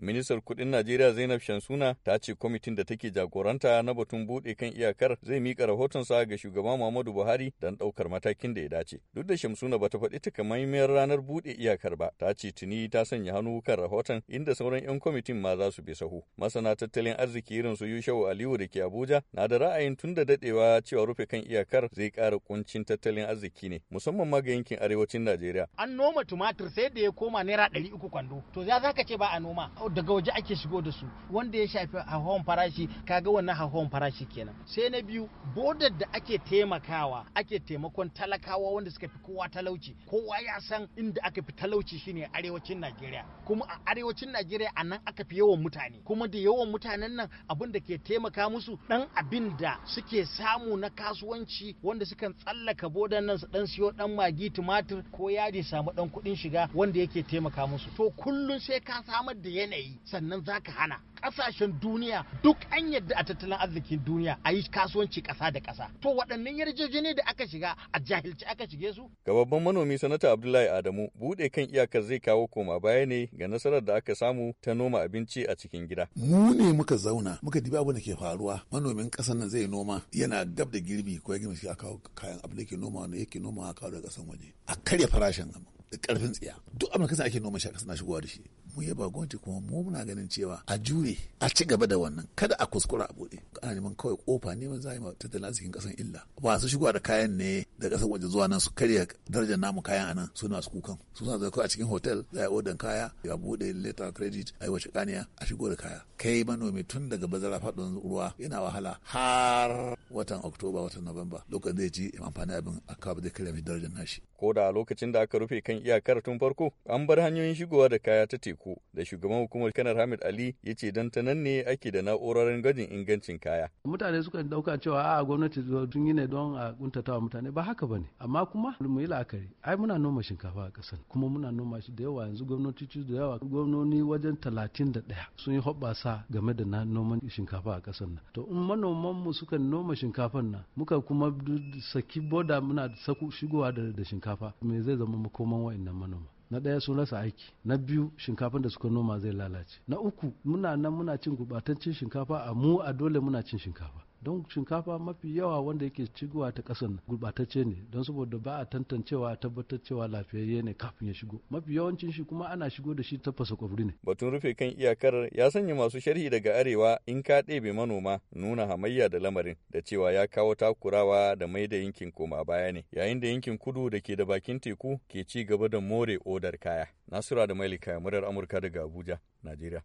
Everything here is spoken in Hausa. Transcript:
Ministar kudin Najeriya Zainab Shamsuna ta ce kwamitin da take jagoranta na batun bude kan iyakar zai mika rahotonsa ga shugaba Muhammadu Buhari don daukar matakin da ya dace. Duk da Shamsuna bata faɗi takamaimiyar ranar bude iyakar ba, ta ce tuni ta sanya hannu kan rahoton inda sauran 'yan kwamitin ma za su bi sahu. Masana tattalin arziki irin su Yushau Aliyu da ke Abuja na da ra'ayin tun da dadewa cewa rufe kan iyakar zai ƙara ƙuncin tattalin arziki ne, musamman ma ga yankin arewacin Najeriya. An noma tumatir sai da ya koma naira ɗari uku kwando, to ya ka ce ba a noma. daga waje ake shigo da su wanda ya shafi hauhawan farashi kaga wannan hauhawan farashi kenan sai na biyu bodar da ake taimakawa ake taimakon talakawa wanda suka fi kowa talauci kowa ya san inda aka fi talauci shine arewacin Najeriya kuma a arewacin Najeriya a nan aka fi yawan mutane kuma da yawan mutanen nan abin da ke taimaka musu dan abin da suke samu na kasuwanci wanda sukan tsallaka bodar nan su dan siyo dan magi tumatir ko yadi samu dan kuɗin shiga wanda yake taimaka musu to kullum sai ka samar da yanayi yi sannan za ka hana kasashen duniya duk an yadda a tattalin arzikin duniya a yi kasuwanci kasa da kasa to waɗannan yarjejeniyar da aka shiga a jahilci aka shige su ga babban manomi sanata abdullahi adamu bude kan iyakar zai kawo koma baya ne ga nasarar da aka samu ta noma abinci a cikin gida mu ne muka zauna muka dibi abu da ke faruwa manomin ƙasar nan zai noma yana gab da girbi ko ya girbi shi a kawo kayan abu da yake noma wanda yake noma a kawo daga ƙasan waje a karya farashin da ƙarfin tsiya duk abin da ake noma shi a ƙasa na shigowa da shi mu yaba gwamnati kuma mu muna ganin cewa a jure a ci gaba da wannan kada a kuskura a bude ana neman kawai kofa ne za a yi ma tattalin arzikin kasan illa ba su shigo da kayan ne da kasan waje zuwa nan su karya darajar namu kayan a nan suna su kukan su suna zai a cikin hotel za a odan kaya ya bude letter of credit a yi wace kaniya a shigo da kaya kai manomi tun daga bazara faɗin ruwa yana wahala har watan oktoba watan nobamba lokacin zai ji amfani abin a kawo zai karya mai darajar nashi ko da lokacin da aka rufe kan iyakar tun farko an bar hanyoyin shigowa da kaya ta teku uku da shugaban hukumar Kanar Hamid Ali ya ce don ta nan ne ake da na'urorin gwajin ingancin kaya. Mutane suka dauka cewa a gwamnati sun yi ne don a kuntatawa mutane ba haka bane amma kuma mu yi la'akari ai muna noma shinkafa a ƙasar kuma muna noma shi da yawa yanzu gwamnatoci da yawa gwamnoni wajen talatin da ɗaya sun yi hoɓɓasa game da na noman shinkafa a ƙasar nan to in manoman mu suka noma shinkafan nan muka kuma saki boda muna shigowa da shinkafa me zai zama makoman wa'annan manoma na ɗaya sun rasa aiki na biyu shinkafan da suka noma zai lalace na uku muna nan muna cin gubatancin shinkafa a mu a dole muna cin shinkafa don shinkafa mafi yawa wanda yake cigowa ta kasan gurbatacce ne don saboda ba a tantancewa tabbatar cewa lafiyayye ne kafin ya shigo mafi yawancin shi kuma ana shigo da shi ta fasa kwafuri ne batun rufe kan iyakar ya sanya masu sharhi daga arewa in ka ɗebe manoma nuna hamayya da lamarin da cewa ya kawo takurawa da mai da yankin koma baya ne yayin da yankin kudu da ke da bakin teku ke ci gaba da more odar kaya nasura da mailika murar amurka daga abuja najeriya